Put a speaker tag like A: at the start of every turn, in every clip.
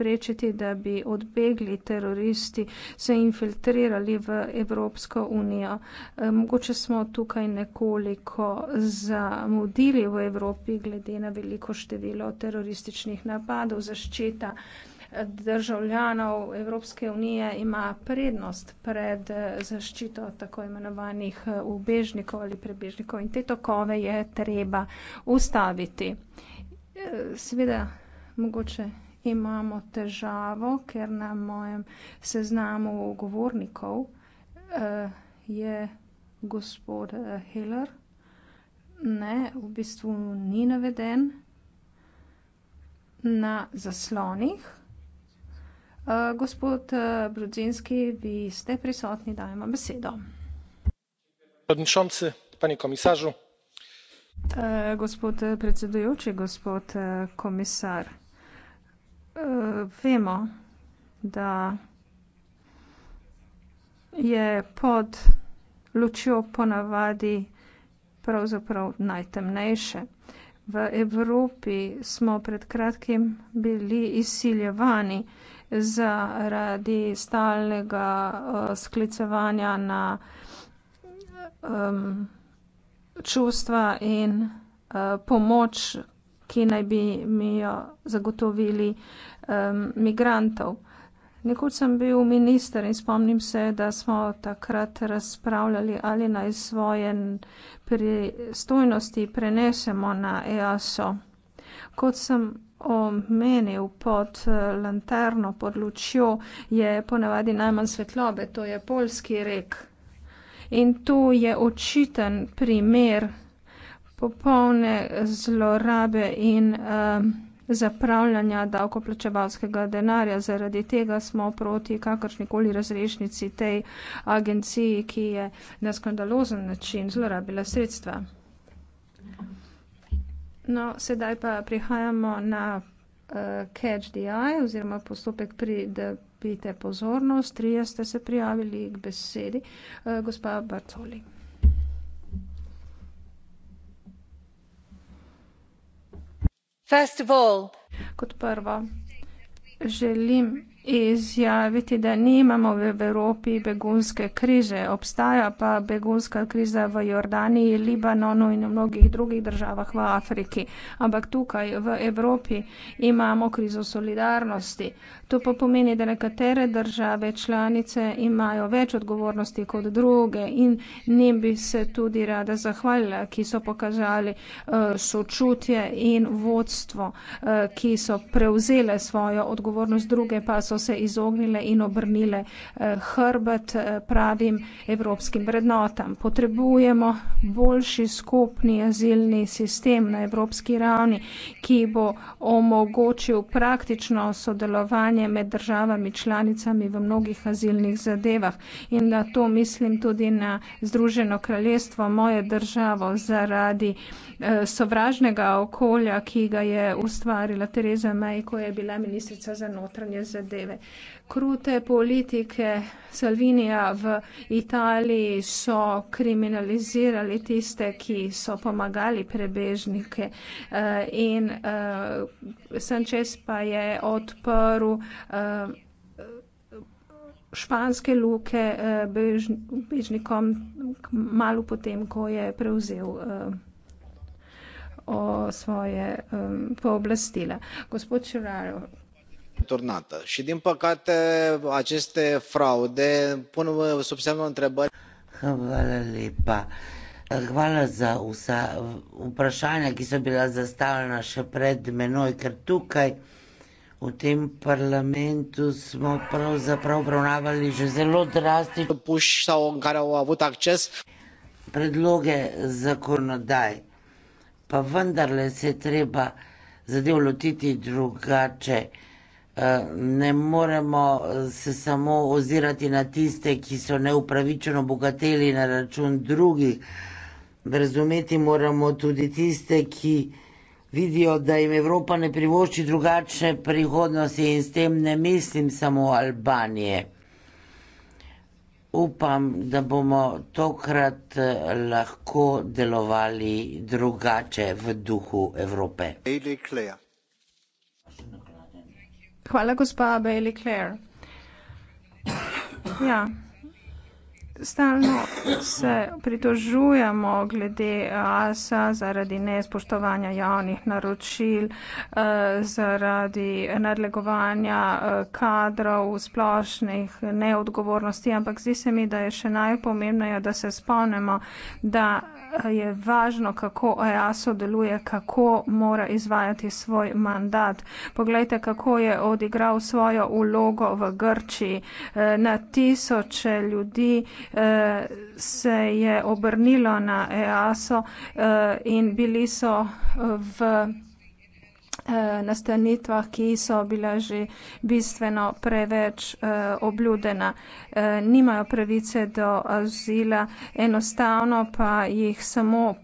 A: preprečiti, da bi odbegli teroristi se infiltrirali v Evropsko unijo. Eh, mogoče smo tukaj nekoliko zamudili v Evropi glede na veliko število terorističnih napadov, zaščita eh, državljanov Evropske unije ima prednost pred eh, zaščito tako imenovanih ubežnikov ali prebežnikov in te tokove je treba ustaviti. Seveda, mogoče imamo težavo, ker na mojem seznamu govornikov uh, je gospod uh, Heller. Ne, v bistvu ni naveden na zaslonih. Uh, gospod uh, Brudzinski, vi ste prisotni, dajmo besedo.
B: Podničomce, pani komisaržu.
A: Uh, gospod predsedujoči, gospod uh, komisar uh, vemo, da je pod lučjo ponavadi pravzaprav najtemnejše. V Evropi smo pred kratkim bili izsiljevani zaradi stalnega uh, sklicevanja na um, čustva in uh, pomoč ki naj bi mi jo zagotovili um, migrantov. Nekoč sem bil minister in spomnim se, da smo takrat razpravljali, ali naj svoje pristojnosti prenesemo na EASO. Kot sem omenil pod eh, lanterno, pod lučjo, je ponavadi najmanj svetlobe, to je polski rek. In to je očiten primer popolne zlorabe in um, zapravljanja davkoplačevalskega denarja. Zaradi tega smo proti kakršnikoli razrešnici tej agenciji, ki je na skandalozen način zlorabila sredstva. No, sedaj pa prihajamo na uh, catch the eye oziroma postopek pri, da pite pozornost. Trije ste se prijavili k besedi. Uh, gospa Bartoli. kot prvo želim izraziti svoje strinjanje s tem da je treba izjaviti, da nimamo v Evropi begunske krize, obstaja pa begunska kriza v Jordaniji, Libanonu in v mnogih drugih državah v Afriki. Ampak tukaj v Evropi imamo krizo solidarnosti. To pa pomeni, da nekatere države članice imajo več odgovornosti kot druge in njim bi se tudi rada zahvalila, ki so pokazali uh, sočutje in vodstvo, uh, ki so prevzele svojo odgovornost, druge pa so so se izognile in obrnile eh, hrbet eh, pravim evropskim vrednotam. Potrebujemo boljši skupni azilni sistem na evropski ravni, ki bo omogočil praktično sodelovanje med državami članicami v mnogih azilnih zadevah. In na to mislim tudi na Združeno kraljestvo, moje državo, zaradi Eh, sovražnega okolja, ki ga je ustvarila Tereza Maj, ko je bila ministrica za notranje zadeve. Krute politike Salvinija v Italiji so kriminalizirali tiste, ki so pomagali prebežnike eh, in eh, Sanchez pa je odprl španske luke bežnikom malo potem, ko je prevzel o svoje um, pooblastile. Gospod Ciraro,
C: turnată. Și din păcate aceste fraude pun sub semnul întrebări.
A: Hvala lepa. Hvala za vsa vprašanja, ki so bila zastavljena še pred menoj, ker tukaj v tem
C: parlamentu smo pravzaprav obravnavali že zelo drastične predloge zakonodaje pa
A: vendarle se je treba zadev lotiti drugače. Eh, ne moremo eh, se samo ozirati na tiste, ki so neupravičeno bogateli na račun drugih. Razumeti moramo tudi tiste, ki vidijo, da jim Evropa ne privošči drugačne prihodnosti in s tem ne mislim samo Albanije upam, da bomo tokrat eh, lahko delovali drugače v
B: duhu Evrope.
A: Hvala, gospa Bailey Clare. Ja stalno se pritožujemo glede ASA zaradi nespoštovanja javnih naročil, eh, zaradi nadlegovanja eh, kadrov, splošnih neodgovornosti, ampak zdi se mi, da je še najpomembneje, da se spomnimo, da eh, je važno, kako EASO deluje, kako mora izvajati svoj mandat. Poglejte, kako je odigral svojo ulogo v Grčiji. Na tisoče ljudi se je obrnilo na EASO eh, in bili so v Eh, nastanitvah, ki so bila že bistveno preveč eh, obljudena. Eh, nimajo pravice do azila, enostavno pa jih samo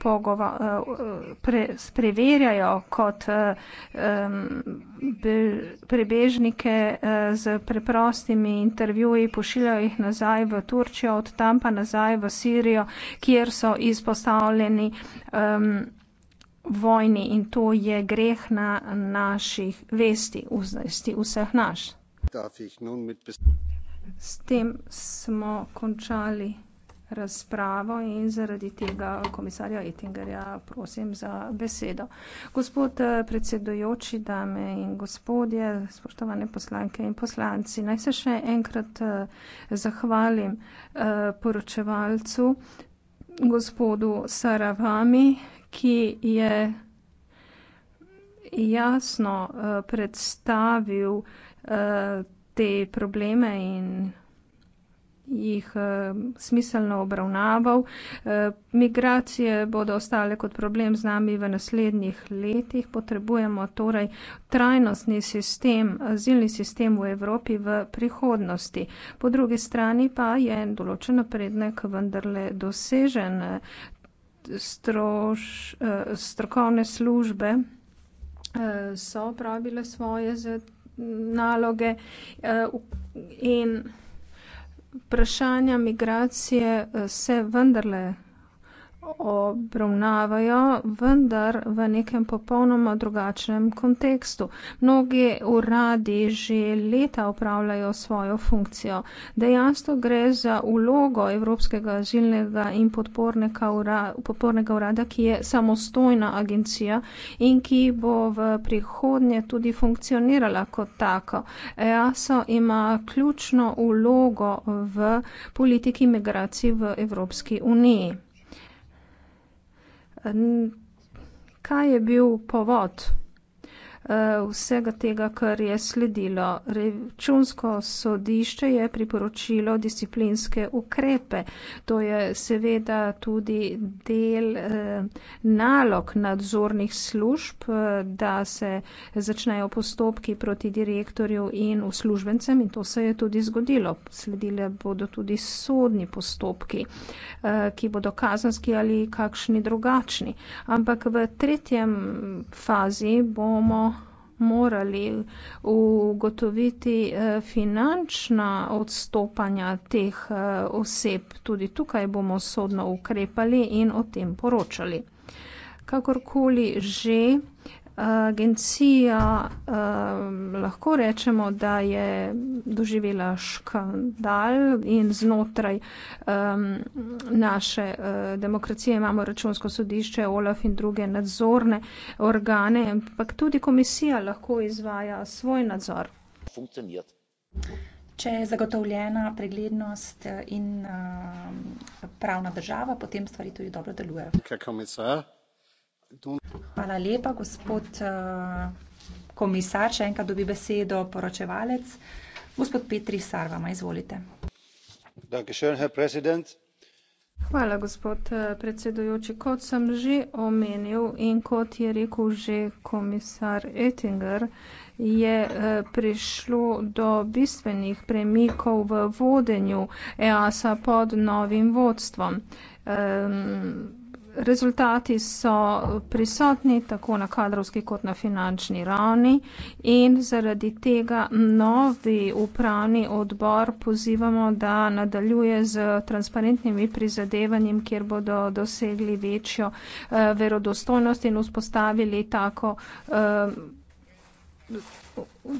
A: preverjajo kot prebežnike z preprostimi intervjuji, pošiljajo jih nazaj v Turčijo, od tam pa nazaj v Sirijo, kjer so izpostavljeni vojni in to je greh na naših vesti, vesti vseh naš. S tem smo končali razpravo in zaradi tega komisarja Ettingerja prosim za besedo. Gospod eh, predsedujoči, dame in gospodje, spoštovane poslanke in poslanci, naj se še enkrat eh, zahvalim eh, poročevalcu, gospodu Saravami, ki je jasno uh, predstavil uh, te probleme in jih uh, smiselno obravnaval. Uh, migracije bodo ostale kot problem z nami v naslednjih letih. Potrebujemo torej trajnostni sistem, azilni sistem v Evropi v prihodnosti. Po drugi strani pa je določen naprednek vendarle dosežen. Uh, stroš, eh, strokovne službe eh, so opravile svoje mm, naloge eh, in vprašanja migracije se vendarle obravnavajo, vendar v nekem popolnoma drugačnem kontekstu. Mnogi uradi že leta upravljajo svojo funkcijo. Dejansko gre za ulogo Evropskega azilnega in podpornega urada, ki je samostojna agencija in ki bo v prihodnje tudi funkcionirala kot tako. EASO ima ključno ulogo v politiki migracij v Evropski uniji kaj je bil povod? Eh, vsega tega, kar je sledilo. Rečunsko sodišče je priporočilo disciplinske ukrepe. To je seveda tudi del eh, nalog nadzornih služb, eh, da se začnejo postopki proti direktorju in uslužbencem in to se je tudi zgodilo. Sledile bodo tudi sodni postopki, ki bodo kazanski ali kakšni drugačni. Ampak v tretjem fazi bomo morali ugotoviti eh, finančna odstopanja teh eh, oseb. Tudi tukaj bomo sodno ukrepali in o tem poročali. Kakorkoli že, agencija um, lahko rečemo, da je doživela škandal in znotraj um,
B: naše
A: uh, demokracije imamo računsko sodišče, OLAF in druge nadzorne organe, ampak tudi komisija lahko izvaja svoj nadzor.
B: Če je zagotovljena preglednost eh, in uh, pravna država, potem stvari tudi dobro delujejo.
A: Kaj, komisar?
B: Hvala lepa, gospod, eh, komisar, še enkrat dobi besedo poročevalec. Gospod Petri Sarvama, izvolite.
A: Hvala, gospod, eh, predsedujoči. Kot sem že omenil in kot je rekel že komisar Ettinger, je eh, prišlo do bistvenih premikov v vodenju EASA pod novim vodstvom. Ehm, rezultati so prisotni tako na kadrovski kot na finančni ravni in zaradi tega novi upravni odbor pozivamo, da nadaljuje z transparentnimi prizadevanjem, kjer bodo dosegli večjo eh, verodostojnost in vzpostavili tako. Eh,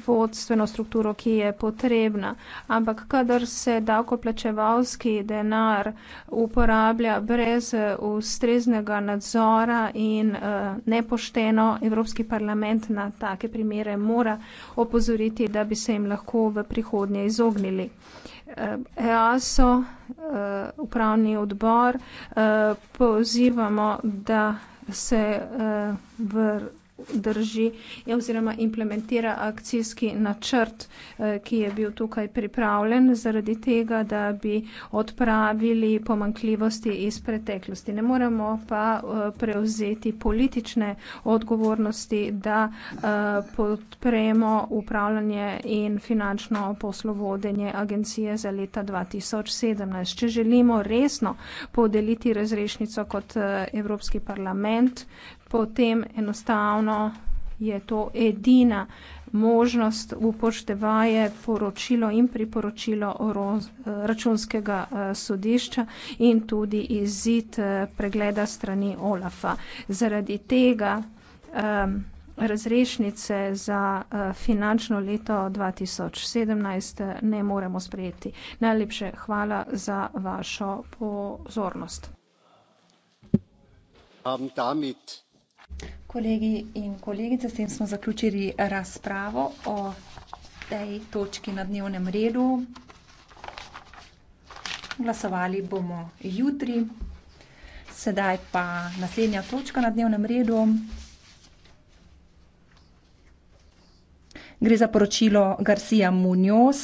A: vodstveno strukturo, ki je potrebna. Ampak kadar se davkoplačevalski denar uporablja brez eh, ustreznega nadzora in uh, nepošteno, Evropski parlament na take primere mora opozoriti, da bi se jim lahko v prihodnje izognili. Uh, EASO, uh, upravni odbor, uh, pozivamo, da se uh, v drži ja, oziroma implementira akcijski načrt, eh, ki je bil tukaj pripravljen zaradi tega, da bi odpravili pomankljivosti iz preteklosti. Ne moremo pa eh, prevzeti politične odgovornosti, da eh, podpremo upravljanje in finančno poslovodenje agencije za leta 2017. Če želimo resno podeliti razrešnico kot Evropski parlament, potem enostavno je to edina možnost upoštevaje poročilo in priporočilo računskega eh, sodišča in tudi izid eh, pregleda strani OLAFA. Zaradi tega um, razrešnice za eh, finančno leto 2017 ne moremo sprejeti. Najlepše hvala za vašo
B: pozornost. Um, Kolegi in kolegice, s tem smo zaključili razpravo o tej točki na dnevnem redu. Glasovali bomo jutri. Sedaj pa naslednja točka na dnevnem redu. Gre za poročilo Garcia Munoz.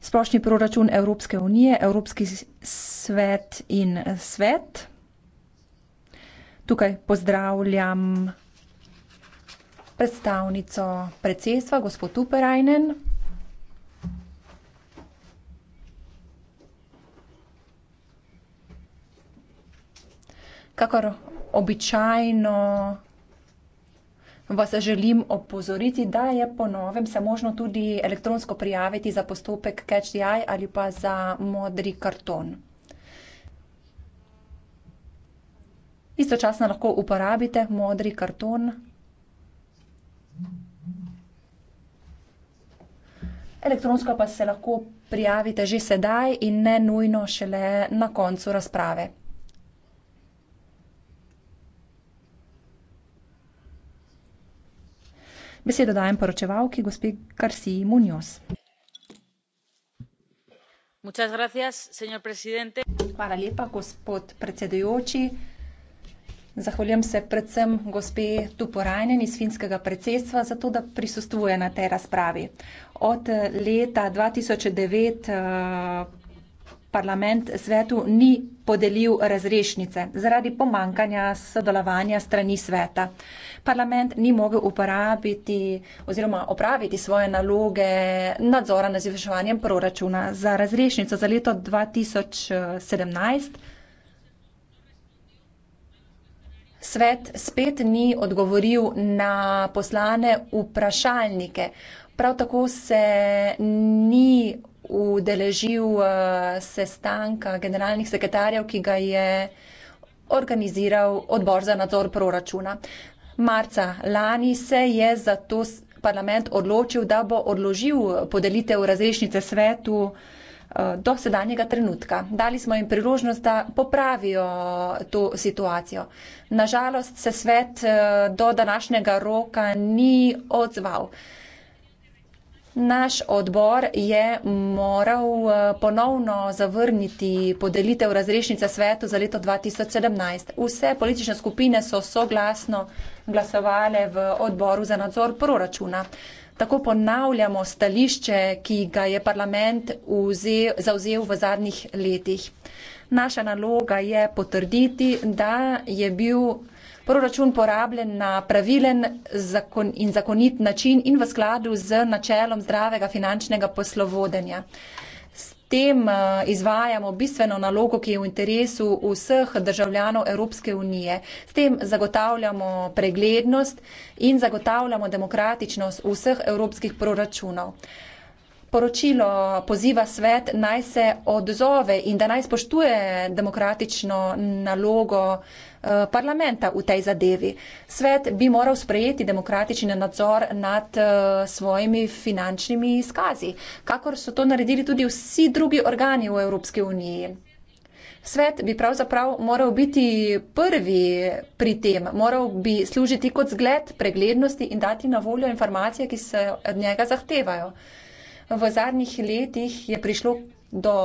B: Splošni proračun Evropske unije, Evropski svet in svet. Tukaj pozdravljam predstavnico predsedstva, gospod Tuperajnen. Kakor običajno vas želim opozoriti, da je po novem se možno tudi elektronsko prijaviti za postopek Catch the Eye ali pa za modri karton. Istočasno lahko uporabite modri karton. Elektronsko pa se lahko prijavite že sedaj in ne nujno šele na koncu razprave. Besedo dajem poročevalki, gospe Karsi Munjos. Hvala lepa, gospod predsedujoči. Zahvaljujem se predvsem gospe Tuporajnen iz finskega predsedstva za to, da prisustuje na tej razpravi. Od leta 2009 eh, parlament svetu ni podelil razrešnice zaradi pomankanja sodelovanja strani sveta. Parlament ni mogel uporabiti oziroma opraviti svoje naloge nadzora nad izvrševanjem proračuna za razrešnico za leto 2017. svet spet ni odgovoril na poslane vprašalnike. Prav tako se ni udeležil eh, sestanka generalnih sekretarjev, ki ga je organiziral odbor za nadzor proračuna. Marca lani se je zato parlament odločil, da bo odložil podelitev razrešnice svetu. Eh, do sedanjega trenutka. Dali smo jim priložnost, da popravijo to situacijo. Nažalost se svet eh, do današnjega roka ni odzval. Naš odbor je moral eh, ponovno zavrniti podelitev razrešnice svetu za leto 2017. Vse politične skupine so soglasno glasovale v odboru za nadzor proračuna tako ponavljamo stališče, ki ga je parlament vzel, zauzel v zadnjih letih. Naša naloga je potrditi, da je bil proračun porabljen na pravilen zakon in zakonit način in v skladu z načelom zdravega finančnega poslovodenja tem eh, izvajamo bistveno nalogo, ki je v interesu vseh državljanov Evropske unije. S tem zagotavljamo preglednost in zagotavljamo demokratičnost vseh evropskih proračunov. Poročilo poziva svet naj se odzove in da naj spoštuje demokratično nalogo Eh, parlamenta v tej zadevi. Svet bi moral sprejeti demokratični nadzor nad eh, svojimi finančnimi izkazi, kakor so to naredili tudi vsi drugi organi v Evropski uniji. Svet bi pravzaprav moral biti prvi pri tem, moral bi služiti kot zgled preglednosti in dati na voljo informacije, ki se od njega zahtevajo. V zadnjih letih je prišlo do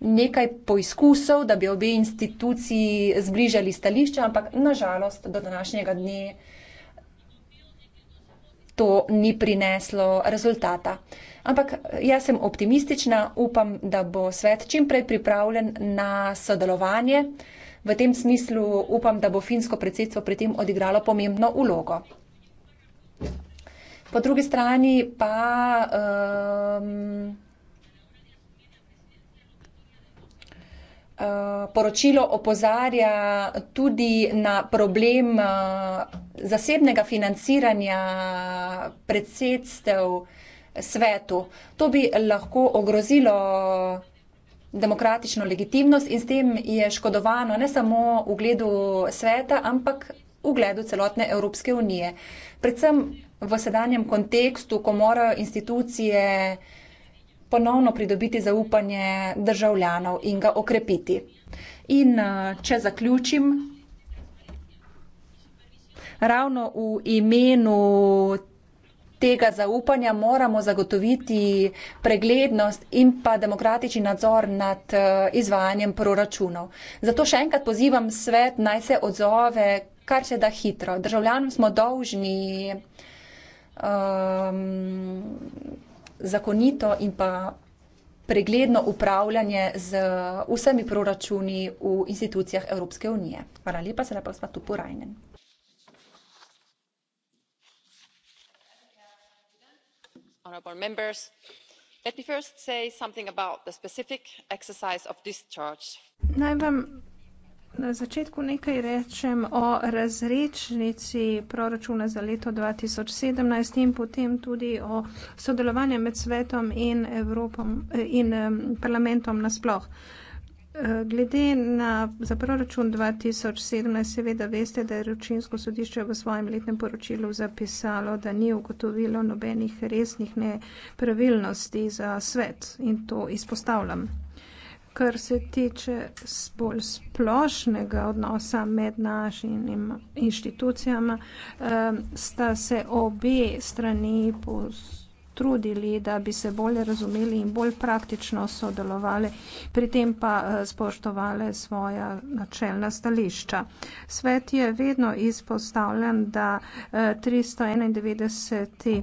B: nekaj poizkusov, da bi obe instituciji zbližali stališče, ampak nažalost do današnjega dne to ni prineslo rezultata. Ampak jaz sem optimistična, upam, da bo svet čimprej pripravljen na sodelovanje. V tem smislu upam, da bo finsko predsedstvo pri tem odigralo pomembno ulogo. Po drugi strani pa. Um, Eh, poročilo opozarja tudi na problem eh, zasebnega financiranja predsedstev svetu. To bi lahko ogrozilo demokratično legitimnost in s tem je škodovano ne samo v gledu sveta, ampak v gledu celotne Evropske unije. Predvsem v sedanjem kontekstu, ko morajo institucije ponovno pridobiti zaupanje državljanov in ga okrepiti. In eh, če zaključim, ravno v imenu tega zaupanja moramo zagotoviti preglednost in pa demokratični nadzor nad eh, izvajanjem proračunov. Zato še enkrat pozivam svet naj se odzove kar se da hitro. Državljanom smo dolžni. Um, zakonito in pa pregledno upravljanje z vsemi proračuni v institucijah Evropske unije. Hvala lepa, sedaj pa sva tu porajnen. Honourable members, let me first say something about the specific exercise of discharge.
A: Naj vam Na začetku nekaj rečem o razrečnici proračuna za leto 2017 in potem tudi o sodelovanju med svetom in, Evropom, in parlamentom nasploh. E, glede na za proračun 2017, seveda veste, da je ročinsko sodišče v svojem letnem poročilu zapisalo, da ni ugotovilo nobenih resnih nepravilnosti za svet in to izpostavljam kar se tiče bolj splošnega odnosa med našim inštitucijama, sta se obe strani potrudili, da bi se bolje razumeli in bolj praktično sodelovali, pri tem pa eh, spoštovali svoja načelna stališča. Svet je vedno izpostavljen, da 391. Eh,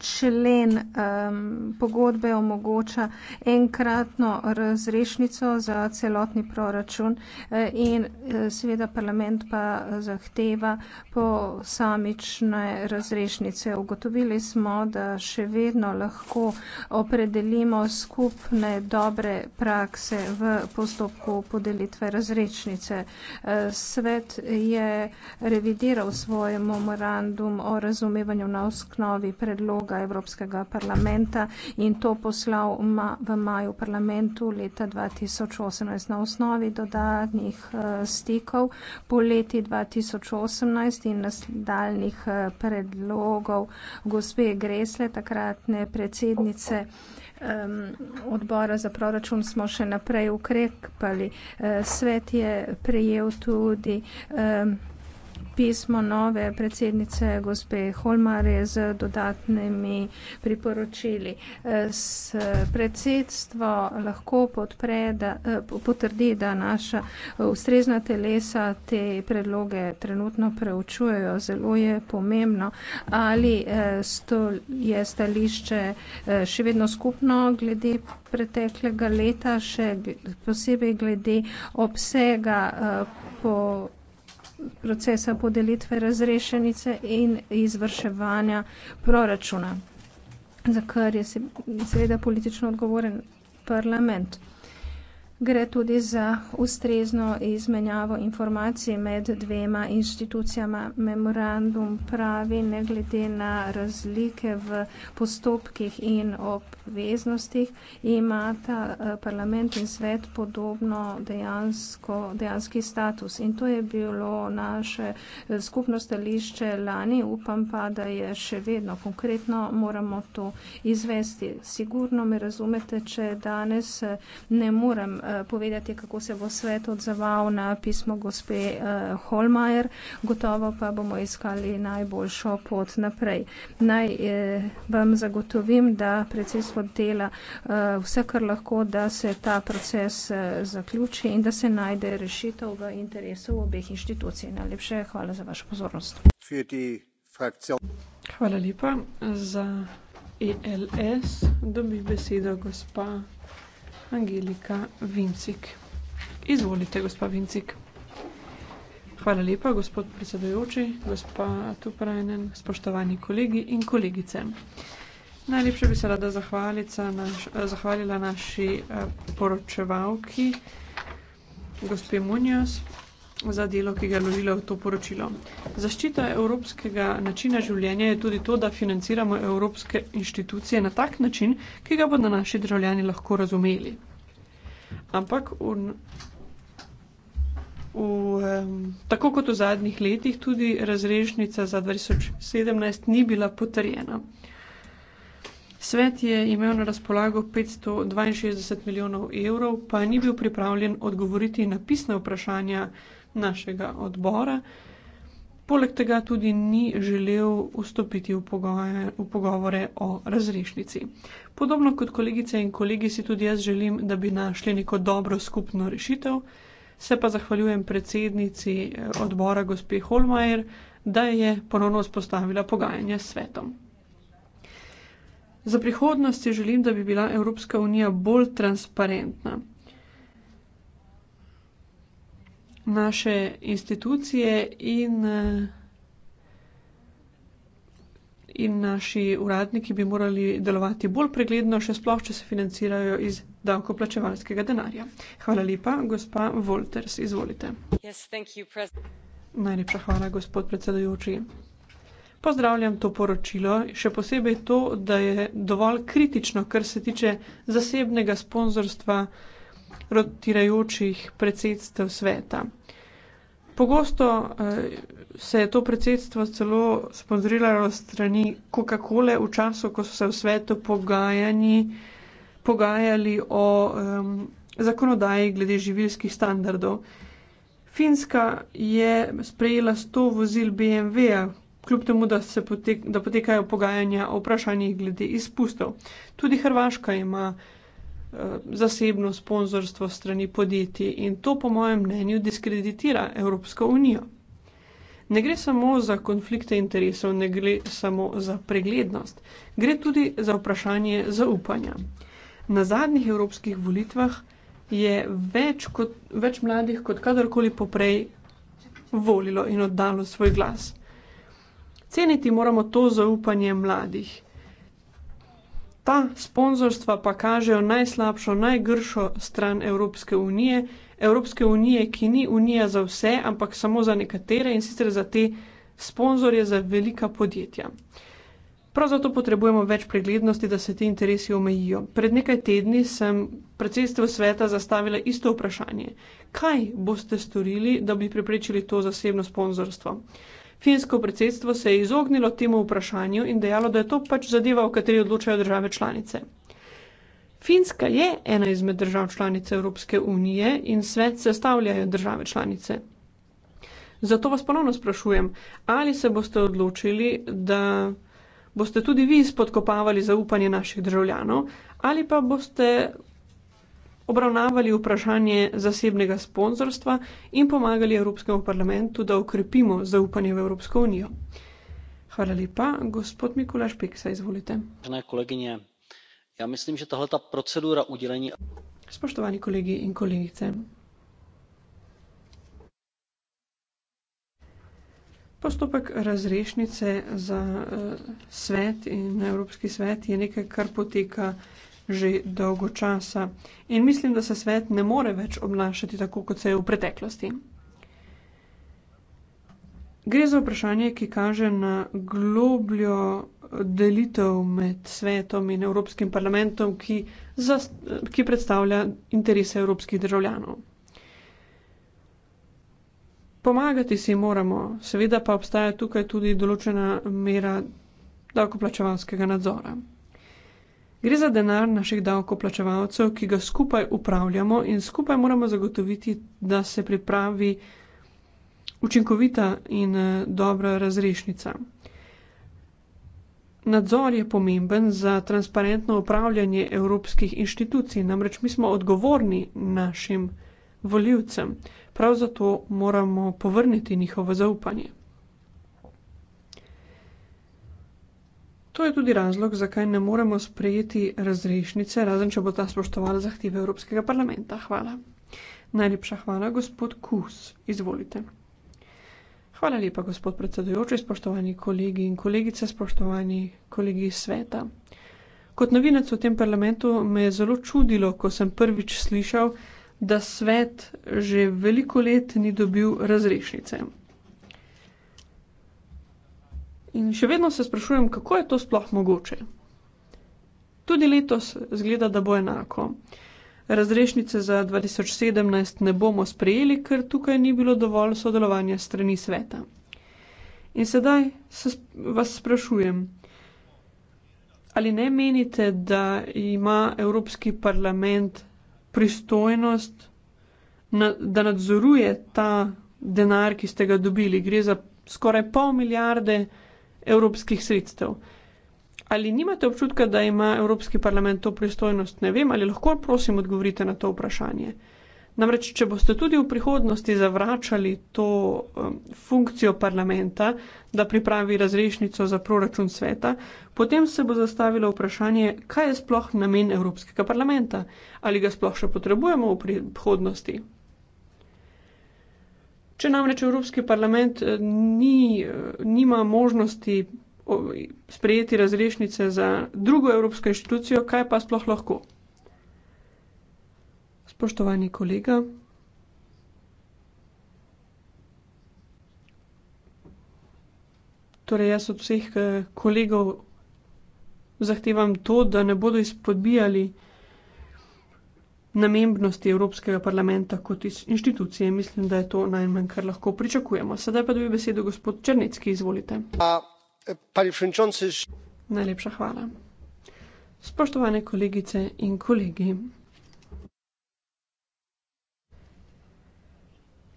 A: člen um, pogodbe omogoča enkratno razrešnico za celotni proračun e, in e, seveda parlament pa zahteva po samične razrešnice. Ugotovili smo, da še vedno lahko opredelimo skupne dobre prakse v postopku podelitve razrešnice. E, svet je revidiral svoj memorandum o razumevanju na osnovi predlogov predloga Evropskega parlamenta in to poslal v maju parlamentu leta 2018 na osnovi dodatnih eh, stikov po leti 2018 in nasledalnih eh, predlogov gospe Gresle, takratne predsednice odbora za proračun smo še naprej ukrepali. Eh, svet je prejel tudi pismo nove predsednice gospe Holmare z dodatnimi priporočili. Predsedstvo lahko podpre, da, potrdi, da naša ustrezna telesa te predloge trenutno preučujejo. Zelo je pomembno, ali je stališče še vedno skupno glede preteklega leta, še posebej glede obsega po procesa podelitve razrešenice in izvrševanja proračuna, za kar je seveda politično odgovoren parlament. Gre tudi za ustrezno izmenjavo informacij med dvema inštitucijama. Memorandum pravi, ne glede na razlike v postopkih in obveznostih, imata eh, parlament in svet podobno dejansko, dejanski status. In to je bilo naše eh, skupno stališče lani, upam pa, da je še vedno konkretno, moramo to izvesti. Sigurno me razumete, če danes eh, ne morem Eh, povedati, kako se bo svet odzval na pismo gospe uh, Holmajer, gotovo pa bomo iskali najboljšo pot naprej. Naj uh, vam zagotovim, da predsedstvo dela uh, vse, kar lahko, da se ta proces uh, zaključi in da se najde rešitev v interesu
D: obeh inštitucij. Najlepše hvala za vašo pozornost. Hvala lepa. Za ELS dobi besedo gospa Angelika Vincik. Izvolite, gospa Vincik. Hvala lepa, gospod predsedujoči, gospa Tuprajnen, spoštovani kolegi in kolegice. Najlepše bi se rada zahvalica naš, zahvalila naši eh, poročevalki, gospe Munjos, za delo, ki ga je lovilo v to poročilo. Zaščita evropskega načina življenja je tudi to, da financiramo evropske inštitucije na tak način, ki ga bodo naši državljani lahko razumeli. Ampak v, v, tako kot v zadnjih letih, tudi razrešnica za 2017 ni bila potrjena. Svet je imel na razpolago 562 milijonov evrov, pa ni bil pripravljen odgovoriti na pisne vprašanja našega odbora. Poleg tega tudi ni želel vstopiti v, pogoje, v pogovore o razrešnici. Podobno kot kolegice in kolegi si tudi jaz želim, da bi našli neko dobro skupno rešitev. Se pa zahvaljujem predsednici eh, odbora gospe Holmajer, da je ponovno vzpostavila pogajanja s svetom. Za prihodnost si želim, da bi bila Evropska unija bolj transparentna. naše institucije in, eh, in naši uradniki bi morali delovati bolj pregledno, še sploh, če se financirajo iz davkoplačevalskega denarja. Hvala lepa, gospa Wolters, izvolite.
C: Yes,
B: you,
D: Najlepša hvala, gospod predsedujoči. Pozdravljam to poročilo, še posebej to, da je dovolj kritično, kar se tiče zasebnega sponzorstva rotirajočih predsedstev sveta. Pogosto uh, se je to predsedstvo celo sponzoriralo strani Coca-Cola v času, ko so se v svetu pogajani, pogajali o um, zakonodaji glede živilskih standardov. Finska je sprejela 100 vozil BMW-ja, kljub temu, da, potek, da potekajo pogajanja o vprašanjih glede izpustov. Tudi Hrvaška ima Eh, zasebno sponzorstvo strani podjetij in to po mojem mnenju diskreditira Evropsko unijo. Ne gre samo za konflikte interesov, ne gre samo za preglednost, gre tudi za vprašanje zaupanja. Na zadnjih evropskih volitvah je več, kot, več mladih kot kadarkoli poprej volilo in oddalo svoj glas. Ceniti moramo to zaupanje mladih. Ta sponzorstva pa kažejo najslabšo, najgršo stran Evropske unije, Evropske unije, ki ni unija za vse, ampak samo za nekatere in sicer za te sponzorje, za velika podjetja. Prav zato potrebujemo več preglednosti, da se ti interesi omejijo. Pred nekaj tedni sem predsedstvu sveta zastavila isto vprašanje. Kaj boste storili, da bi preprečili to zasebno sponzorstvo? Finsko predsedstvo se je izognilo temu vprašanju in dejalo, da je to pač zadeva, o kateri odločajo države članice. Finska je ena izmed držav članice Evropske unije in svet sestavljajo države članice. Zato vas ponovno sprašujem, ali se boste odločili, da boste tudi vi spodkopavali zaupanje naših državljanov, ali pa boste obravnavali vprašanje zasebnega sponzorstva in pomagali Evropskemu parlamentu, da ukrepimo zaupanje v Evropsko unijo. Hvala lepa, gospod Mikulaš Peksa, izvolite. Kolegine, ja mislim, že tahle ta procedura udelenja. Spoštovani kolegi in kolegice. Postopek razrešnice za eh, svet in Evropski svet je nekaj, kar poteka že dolgo časa in mislim, da se svet ne more več obnašati tako, kot se je v preteklosti. Gre za vprašanje, ki kaže na globljo delitev med svetom in Evropskim parlamentom, ki, za, ki predstavlja interese evropskih državljanov. Pomagati si moramo, seveda pa obstaja tukaj tudi določena mera davkoplačevalskega nadzora. Gre za denar naših davkoplačevalcev, ki ga skupaj upravljamo in skupaj moramo zagotoviti, da se pripravi učinkovita in eh, dobra razrešnica. Nadzor je pomemben za transparentno upravljanje evropskih inštitucij, namreč mi smo odgovorni našim voljivcem. Prav zato moramo povrniti njihovo zaupanje. To je tudi razlog, zakaj ne moremo sprejeti razrešnice, razen če bo ta spoštovala zahteve Evropskega parlamenta. Hvala. Najlepša hvala, gospod Kus. Izvolite. Hvala lepa, gospod predsedujoči, spoštovani kolegi in kolegice, spoštovani kolegi iz sveta. Kot novinec v tem parlamentu me je zelo čudilo, ko sem prvič slišal, da svet že veliko let ni dobil razrešnice. In še vedno se sprašujem, kako je to sploh mogoče. Tudi letos zgleda, da bo enako. Razrešnice za 2017 ne bomo sprejeli, ker tukaj ni bilo dovolj sodelovanja strani sveta. In sedaj se vas sprašujem, ali ne menite, da ima Evropski parlament pristojnost, da nadzoruje ta denar, ki ste ga dobili? Gre za skoraj pol milijarde evrov evropskih sredstev. Ali nimate občutka, da ima Evropski parlament to pristojnost? Ne vem, ali lahko prosim odgovorite na to vprašanje. Namreč, če boste tudi v prihodnosti zavračali to um, funkcijo parlamenta, da pripravi razrešnico za proračun sveta, potem se bo zastavilo vprašanje, kaj je sploh namen Evropskega parlamenta, ali ga sploh še potrebujemo v prihodnosti. Če namreč Evropski parlament eh, ni, eh, nima možnosti sprejeti razrešnice za drugo evropsko inštitucijo, kaj pa sploh lahko? Spoštovani kolega. Torej, jaz od vseh eh, kolegov zahtevam to, da ne bodo izpodbijali namembnosti Evropskega parlamenta kot institucije. Mislim, da je to najmanj, kar lahko pričakujemo. Sedaj pa dobi besedo gospod Črnecki, izvolite. Najlepša hvala. Spoštovane kolegice in kolegi.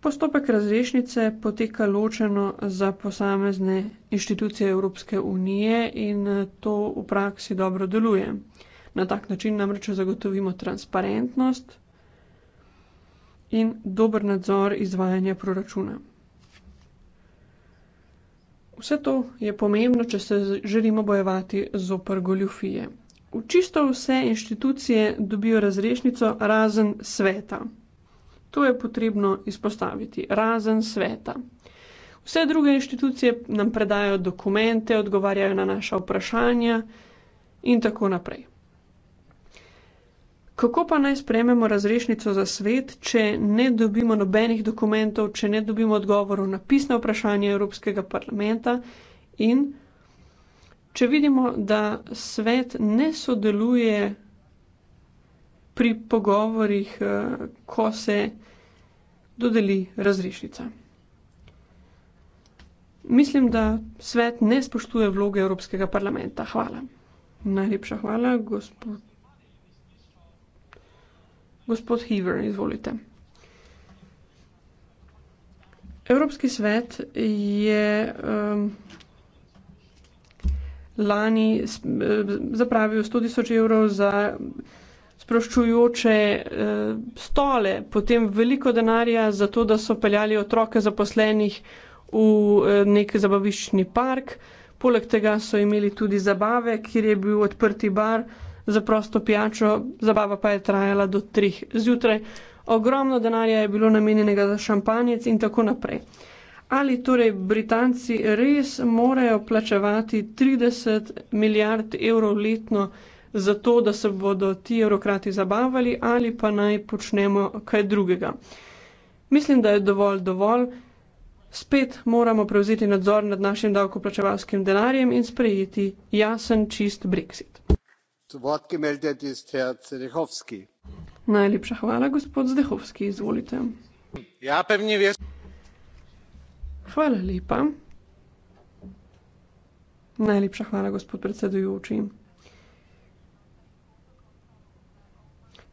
D: Postopek razrešnice poteka ločeno za posamezne inštitucije Evropske unije in to v praksi dobro deluje. Na tak način namreč zagotovimo transparentnost in dober nadzor izvajanja proračuna. Vse to je pomembno, če se želimo bojevati zoper goljufije. V čisto vse inštitucije dobijo razrešnico razen sveta. To je potrebno izpostaviti, razen sveta. Vse druge inštitucije nam predajo dokumente, odgovarjajo na naša vprašanja in tako naprej. Kako pa naj sprejmemo razrešnico za svet, če ne dobimo nobenih dokumentov, če ne dobimo odgovorov na pisna vprašanja Evropskega parlamenta in če vidimo, da svet ne sodeluje pri pogovorih, eh, ko se dodeli razrešnica? Mislim, da svet ne spoštuje vloge Evropskega parlamenta. Hvala. Najlepša hvala, gospod. Gospod Hever, izvolite. Evropski svet je um, lani eh, zapravil 100 tisoč evrov za sproščujoče uh, stole, potem veliko denarja za to, da so peljali otroke zaposlenih v uh, nek zabaviščni park. Poleg tega so imeli tudi zabave, kjer je bil odprti bar za prosto pijačo, zabava pa je trajala do 3 zjutraj. Ogromno denarja je bilo namenjenega za šampanjec in tako naprej. Ali torej Britanci res morajo plačevati 30 milijard evrov letno za to, da se bodo ti evrokrati zabavali ali pa naj počnemo kaj drugega? Mislim, da je dovolj dovolj. Spet moramo prevzeti nadzor nad našim davkoplačevalskim denarjem in sprejeti jasen, čist Brexit. Najlepša hvala, gospod Zdechovski, izvolite. Ja, hvala lepa. Najlepša hvala, gospod predsedujoči.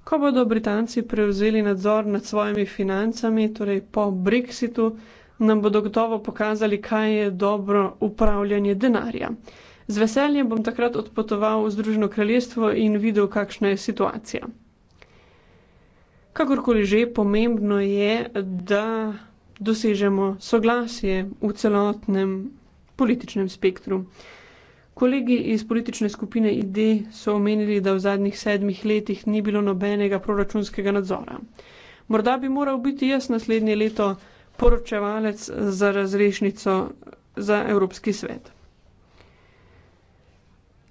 D: Ko bodo Britanci prevzeli nadzor nad svojimi financami, torej po Brexitu, nam bodo gotovo pokazali, kaj je dobro upravljanje denarja. Z veseljem bom takrat odpotoval v Združeno kraljestvo in videl, kakšna je situacija. Kakorkoli že, pomembno je, da dosežemo soglasje v celotnem političnem spektru. Kolegi iz politične skupine ID so omenili, da v zadnjih sedmih letih ni bilo nobenega proračunskega nadzora. Morda bi moral biti jaz naslednje leto poročevalec za razrešnico za Evropski svet.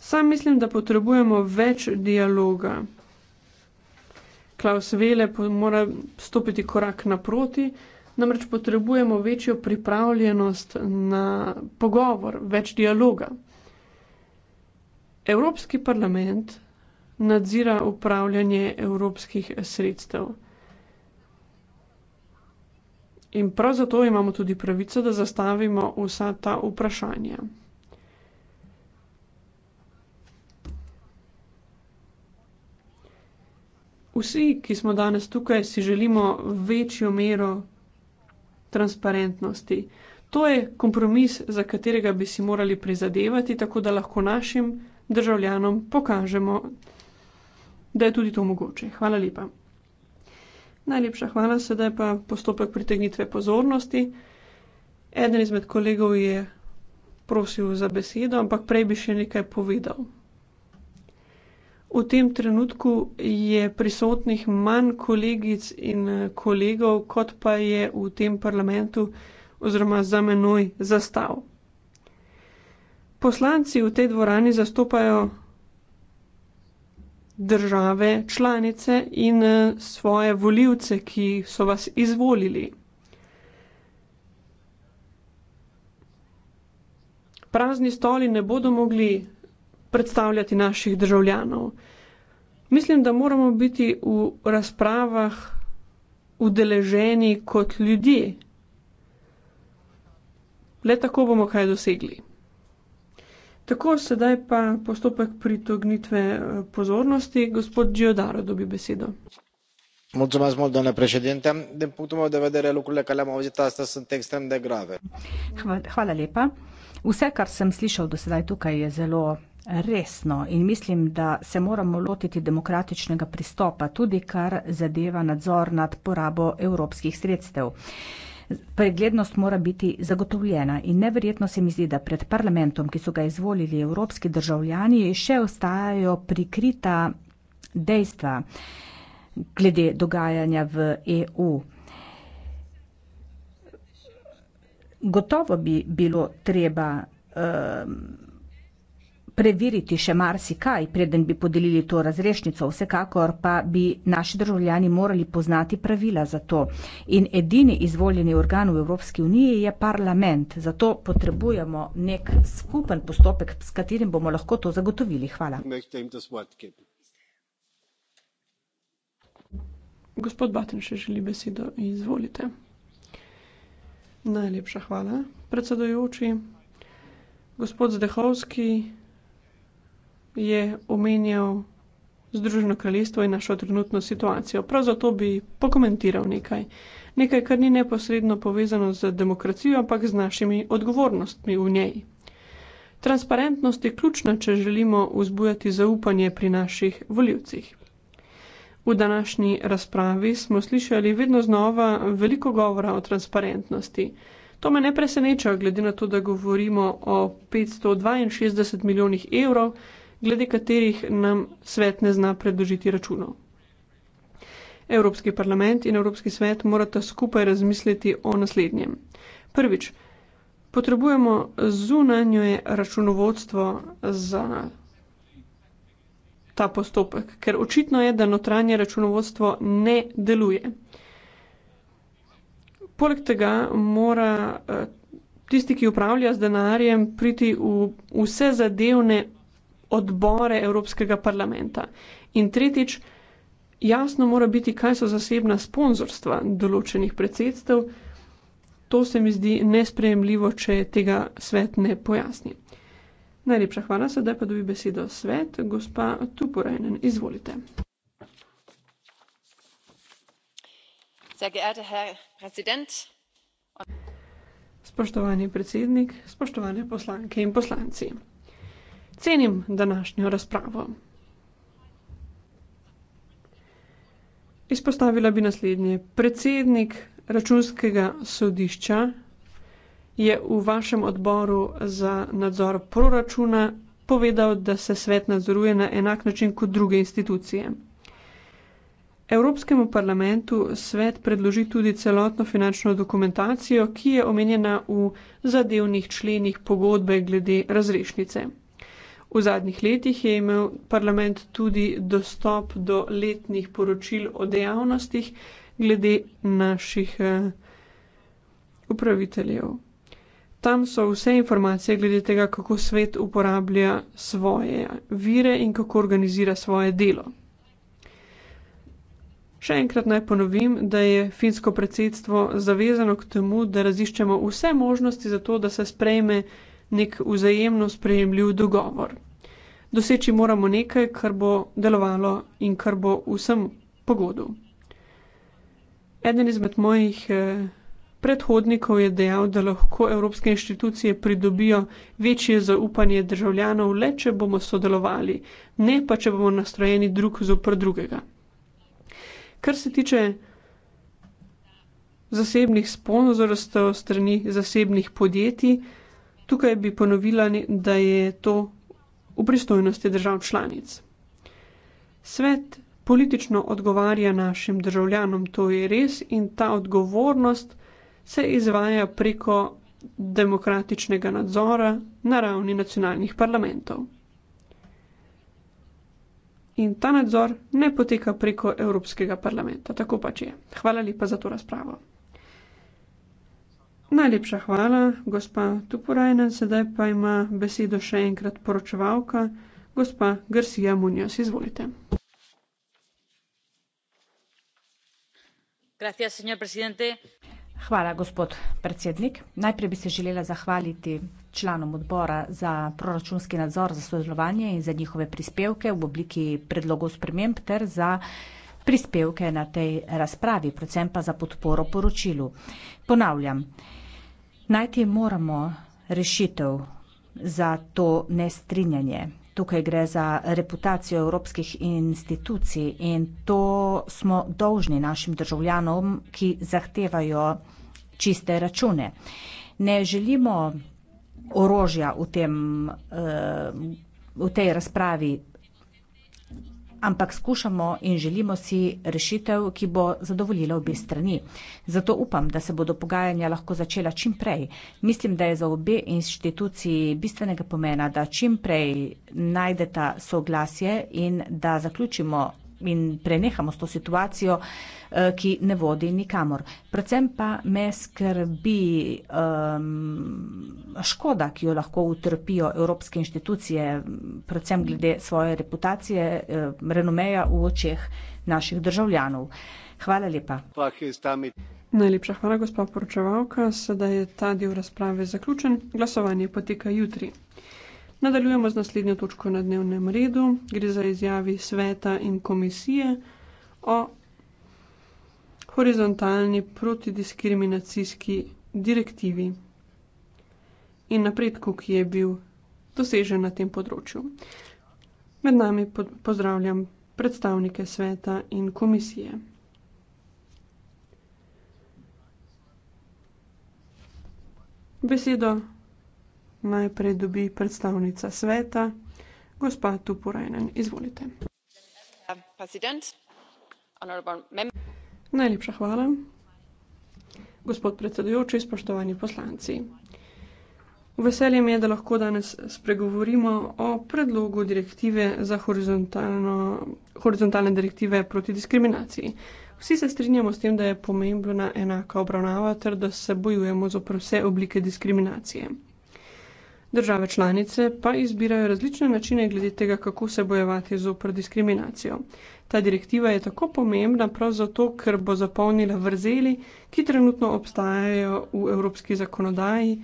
D: Sam mislim, da potrebujemo več dialoga. Klaus Vele mora stopiti korak naproti, namreč potrebujemo večjo pripravljenost na pogovor, več dialoga. Evropski parlament nadzira upravljanje evropskih sredstev. In prav zato imamo tudi pravico, da zastavimo vsa ta vprašanja. vsi, ki smo danes tukaj, si želimo večjo mero transparentnosti. To je kompromis, za katerega bi si morali prizadevati, tako da lahko našim državljanom pokažemo, da je tudi to mogoče. Hvala lepa. Najlepša hvala, sedaj pa postopek pritegnitve pozornosti. Eden izmed kolegov je prosil za besedo, ampak prej bi še nekaj povedal. V tem trenutku je prisotnih manj kolegic in eh, kolegov, kot pa je v tem parlamentu oziroma za menoj zastav. Poslanci v tej dvorani zastopajo države, članice in eh, svoje voljivce, ki so vas izvolili. Prazni stoli ne bodo mogli predstavljati naših državljanov. Mislim, da moramo biti v razpravah udeleženi kot ljudje. Le tako bomo kaj dosegli. Tako sedaj pa postopek pritognitve eh, pozornosti. Gospod Giodaro dobi besedo.
C: Hvala lepa. Vse, kar sem slišal do sedaj tukaj, je zelo resno in mislim, da se moramo lotiti demokratičnega pristopa, tudi kar zadeva nadzor nad porabo evropskih sredstev. Preglednost mora biti zagotovljena in neverjetno se mi zdi, da pred parlamentom, ki so ga izvolili evropski državljani, še ostajajo prikrita dejstva glede dogajanja v EU. Gotovo bi bilo treba um, preveriti še marsikaj, preden bi podelili to razrešnico. Vsekakor pa bi naši državljani morali poznati pravila za to. In edini izvoljeni organ v Evropski uniji je parlament. Zato potrebujemo nek skupen postopek, s katerim bomo
D: lahko to zagotovili. Hvala. Gospod Batin še želi besedo. Izvolite. Najlepša hvala, predsedojoči. Gospod Zdehovski, je omenjal Združeno kraljestvo in našo trenutno situacijo. Prav zato bi pokomentiral nekaj. Nekaj, kar ni neposredno povezano z demokracijo, ampak z našimi odgovornostmi v njej. Transparentnost je ključna, če želimo vzbujati zaupanje pri naših voljivcih. V današnji razpravi smo slišali vedno znova veliko govora o transparentnosti. To me ne preseneča, glede na to, da govorimo o 562 milijonih evrov, glede katerih nam svet ne zna predložiti računov. Evropski parlament in Evropski svet morata skupaj razmisliti o naslednjem. Prvič, potrebujemo zunanje računovodstvo za ta postopek, ker očitno je, da notranje računovodstvo ne deluje. Poleg tega mora eh, tisti, ki upravlja z denarjem, priti v vse zadevne odbore Evropskega parlamenta. In tretjič, jasno mora biti, kaj so zasebna sponzorstva določenih predsedstev. To se mi zdi nespremljivo, če tega svet ne pojasni. Najlepša hvala, sedaj pa dobi besedo svet, gospa Tuporajnen, izvolite. Spoštovani predsednik, spoštovane poslanke in poslanci. Cenim današnjo razpravo. Izpostavila bi naslednje. Predsednik računskega sodišča je v vašem odboru za nadzor proračuna povedal, da se svet nadzoruje na enak način kot druge institucije. Evropskemu parlamentu svet predloži tudi celotno finančno dokumentacijo, ki je omenjena v zadevnih členih pogodbe glede razrešnice. V zadnjih letih je imel parlament tudi dostop do letnih poročil o dejavnostih glede naših eh, upraviteljev. Tam so vse informacije glede tega, kako svet uporablja svoje vire in kako organizira svoje delo. Še enkrat naj ponovim, da je finsko predsedstvo zavezano k temu, da raziščemo vse možnosti za to, da se sprejme nek vzajemno sprejemljiv dogovor. Doseči moramo nekaj, kar bo delovalo in kar bo vsem pogodu. Eden izmed mojih eh, predhodnikov je dejal, da lahko evropske inštitucije pridobijo večje zaupanje državljanov le, če bomo sodelovali, ne pa, če bomo nastrojeni drug zopr drugega. Kar se tiče zasebnih sponzorstev strani zasebnih podjetij, Tukaj bi ponovila, da je to v pristojnosti držav članic. Svet politično odgovarja našim državljanom, to je res, in ta odgovornost se izvaja preko demokratičnega nadzora na ravni nacionalnih parlamentov. In ta nadzor ne poteka preko Evropskega parlamenta, tako pač je. Hvala lepa za to razpravo. Najlepša hvala, gospa Tupurajna. Sedaj pa ima besedo še enkrat poročevalka, gospa Grsija Munjas. Izvolite. Hvala, gospod predsednik.
C: Najprej bi se želela zahvaliti članom odbora za proračunski nadzor za sodelovanje in za njihove prispevke v obliki predlogov sprememb ter za prispevke na tej razpravi, predvsem pa za podporo poročilu. Ponavljam, Najti moramo rešitev za to nestrinjanje. Tukaj gre za reputacijo evropskih institucij in to smo dolžni našim državljanom, ki zahtevajo čiste račune. Ne želimo orožja v, tem, eh, v tej razpravi ampak skušamo in želimo si rešitev, ki bo zadovoljila obi strani. Zato upam, da se bodo pogajanja lahko začela čim prej. Mislim, da je za obe instituciji bistvenega pomena, da čim prej najdeta soglasje in da zaključimo in prenehamo s to situacijo, eh, ki ne vodi nikamor. Predvsem pa me skrbi um, škoda, ki jo lahko utrpijo evropske inštitucije, predvsem glede svoje reputacije, eh, renomeja v očeh naših državljanov.
D: Hvala lepa. Najlepša hvala, gospod poročevalka. Sedaj je ta del razprave zaključen. Glasovanje poteka jutri. Nadaljujemo z naslednjo točko na dnevnem redu. Gre za izjavi sveta in komisije o horizontalni protidiskriminacijski direktivi in napredku, ki je bil dosežen na tem področju. Med nami pozdravljam predstavnike sveta in komisije. Besedo najprej dobi predstavnica sveta gospa tuporajnen izvolite. najlepša hvala gospod predsedujoči spoštovani poslanci veselje mi je da lahko danes spregovorimo o predlogu direktive za horizontalno horizontalne direktive proti diskriminaciji vsi se strinjamo s tem da je pomembna enaka obravnava ter da se bojujemo zoper vse oblike diskriminacije Države članice pa izbirajo različne načine glede tega, kako se bojevati zopr diskriminacijo. Ta direktiva je tako pomembna prav zato, ker bo zapolnila vrzeli, ki trenutno obstajajo v evropski zakonodaji,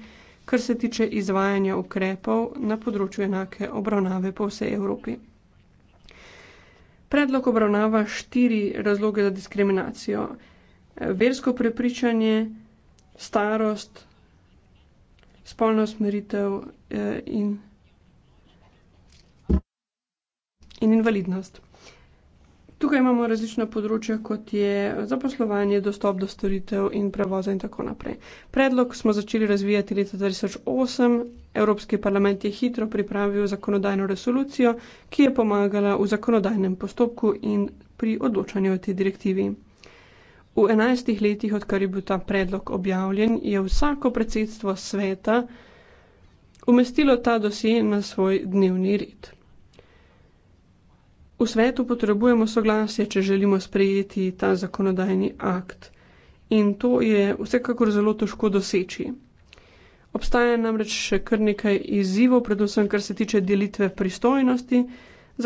D: kar se tiče izvajanja ukrepov na področju enake obravnave po vsej Evropi. Predlog obravnava štiri razloge za diskriminacijo: versko prepričanje, starost, spolno usmeritev eh, in, in invalidnost. Tukaj imamo različna področja, kot je zaposlovanje, dostop do storitev in prevoza in tako naprej. Predlog smo začeli razvijati leta 2008. Evropski parlament je hitro pripravil zakonodajno resolucijo, ki je pomagala v zakonodajnem postopku in pri odločanju o tej direktivi. V enajstih letih, odkar je bil ta predlog objavljen, je vsako predsedstvo sveta umestilo ta dosje na svoj dnevni red. V svetu potrebujemo soglasje, če želimo sprejeti ta zakonodajni akt. In to je vsekakor zelo težko doseči. Obstaja namreč še kar nekaj izzivov, predvsem kar se tiče delitve pristojnosti,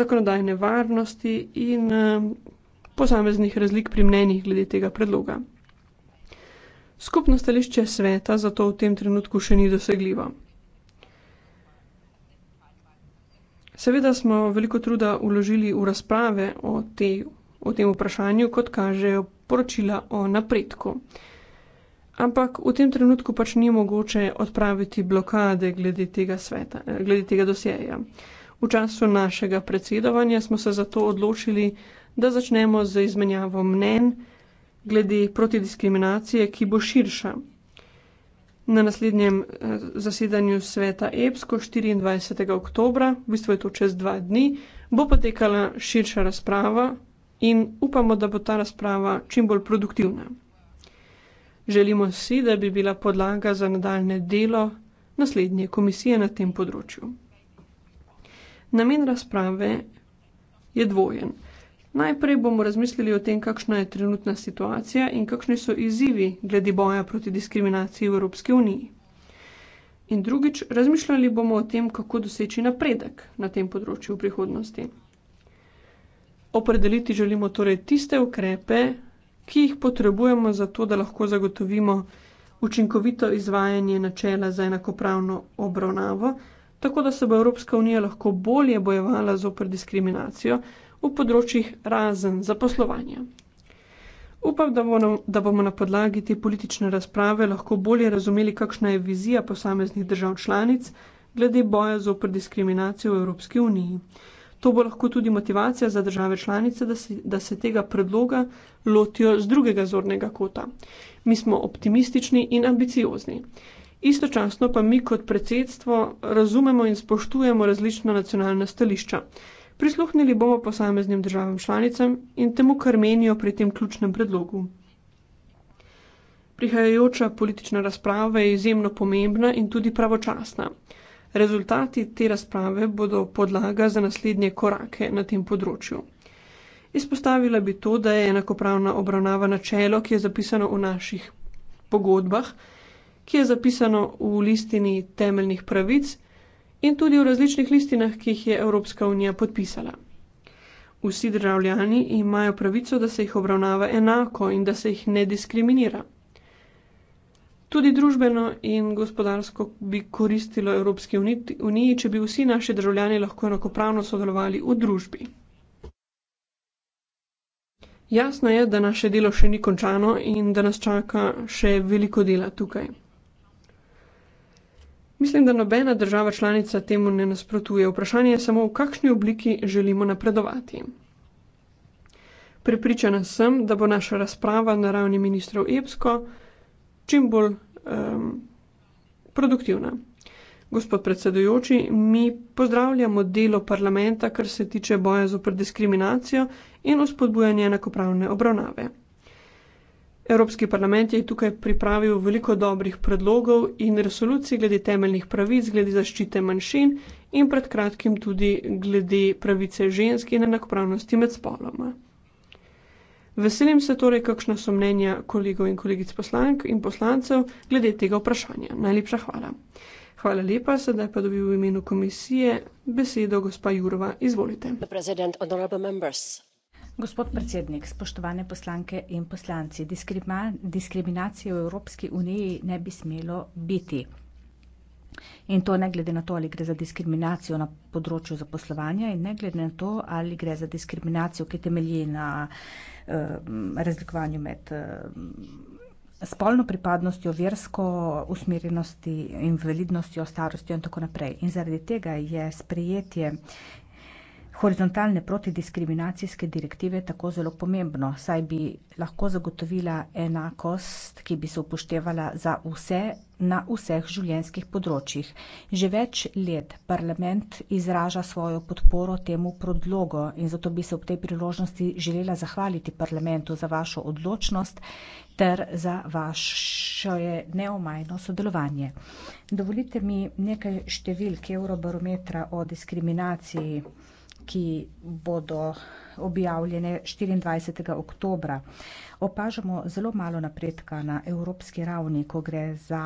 D: zakonodajne varnosti in eh, posameznih razlik pri mnenjih glede tega predloga. Skupno stališče sveta zato v tem trenutku še ni dosegljivo. Seveda smo veliko truda uložili v razprave o, te, o tem vprašanju, kot kažejo poročila o napredku. Ampak v tem trenutku pač ni mogoče odpraviti blokade glede tega, sveta, glede tega dosjeja. V času našega predsedovanja smo se zato odločili, da začnemo z izmenjavo mnen glede protidiskriminacije, ki bo širša. Na naslednjem eh, zasedanju sveta EPSKO 24. oktober, v bistvu je to čez dva dni, bo potekala širša razprava in upamo, da bo ta razprava čim bolj produktivna. Želimo si, da bi bila podlaga za nadaljne delo naslednje komisije na tem področju. Namen razprave je dvojen. Najprej bomo razmislili o tem, kakšna je trenutna situacija in kakšni so izzivi glede boja proti diskriminaciji v Evropski uniji. In drugič, razmišljali bomo o tem, kako doseči napredek na tem področju v prihodnosti. Opredeliti želimo torej tiste ukrepe, ki jih potrebujemo za to, da lahko zagotovimo učinkovito izvajanje načela za enakopravno obravnavo, tako da se bo Evropska unija lahko bolje bojevala zoper diskriminacijo v področjih razen zaposlovanja. Upam, da bomo, da bomo na podlagi te politične razprave lahko bolje razumeli, kakšna je vizija posameznih držav članic glede boja z opr diskriminacijo v Evropski uniji. To bo lahko tudi motivacija za države članice, da se, da se tega predloga lotijo z drugega zornega kota. Mi smo optimistični in ambiciozni. Istočasno pa mi kot predsedstvo razumemo in spoštujemo različna nacionalna stališča prisluhnili bomo posameznim državam članicam in temu, kar menijo pri tem ključnem predlogu. Prihajajoča politična razprava je izjemno pomembna in tudi pravočasna. Rezultati te razprave bodo podlaga za naslednje korake na tem področju. Izpostavila bi to, da je enakopravna obravnava načelo, ki je zapisano v naših pogodbah, ki je zapisano v listini temeljnih pravic in tudi v različnih listinah, ki jih je Evropska unija podpisala. Vsi državljani imajo pravico, da se jih obravnava enako in da se jih ne diskriminira. Tudi družbeno in gospodarsko bi koristilo Evropski uniji, če bi vsi naši državljani lahko enakopravno sodelovali v družbi. Jasno je, da naše delo še ni končano in da nas čaka še veliko dela tukaj. Mislim, da nobena država članica temu ne nasprotuje. Vprašanje je samo, v kakšni obliki želimo napredovati. Pripričana sem, da bo naša razprava na ravni ministrov EPSKO čim bolj um, produktivna. Gospod predsedujoči, mi pozdravljamo delo parlamenta, kar se tiče boja zoper diskriminacijo in uspodbujanje enakopravne obravnave. Evropski parlament je tukaj pripravil veliko dobrih predlogov in resolucij glede temeljnih pravic, glede zaščite manjšin in pred kratkim tudi glede pravice ženske in enakopravnosti med spoloma. Veselim se torej, kakšna so mnenja kolegov in kolegic poslank in poslancev glede tega vprašanja. Najlepša hvala. Hvala lepa, sedaj pa dobi v imenu komisije besedo gospa Jurova. Izvolite. Gospod predsednik, spoštovane
C: poslanke in poslanci, diskriminacije v Evropski uniji ne bi smelo biti. In to ne glede na to, ali gre za diskriminacijo na področju zaposlovanja in ne glede na to, ali gre za diskriminacijo, ki temelji na eh, razlikovanju med eh, spolno pripadnostjo, versko usmerjenosti, invalidnostjo, starostjo in tako naprej. In zaradi tega je sprejetje eh, horizontalne protidiskriminacijske direktive tako zelo pomembno, saj bi lahko zagotovila enakost, ki bi se upoštevala za vse na vseh življenjskih področjih. Že več let parlament izraža svojo podporo temu predlogu in zato bi se ob tej priložnosti želela zahvaliti parlamentu za vašo odločnost ter za vaše neomajno sodelovanje. Dovolite mi nekaj številk Eurobarometra o diskriminaciji ki bodo objavljene 24. oktobra. Opažamo zelo malo napredka na evropski ravni, ko gre za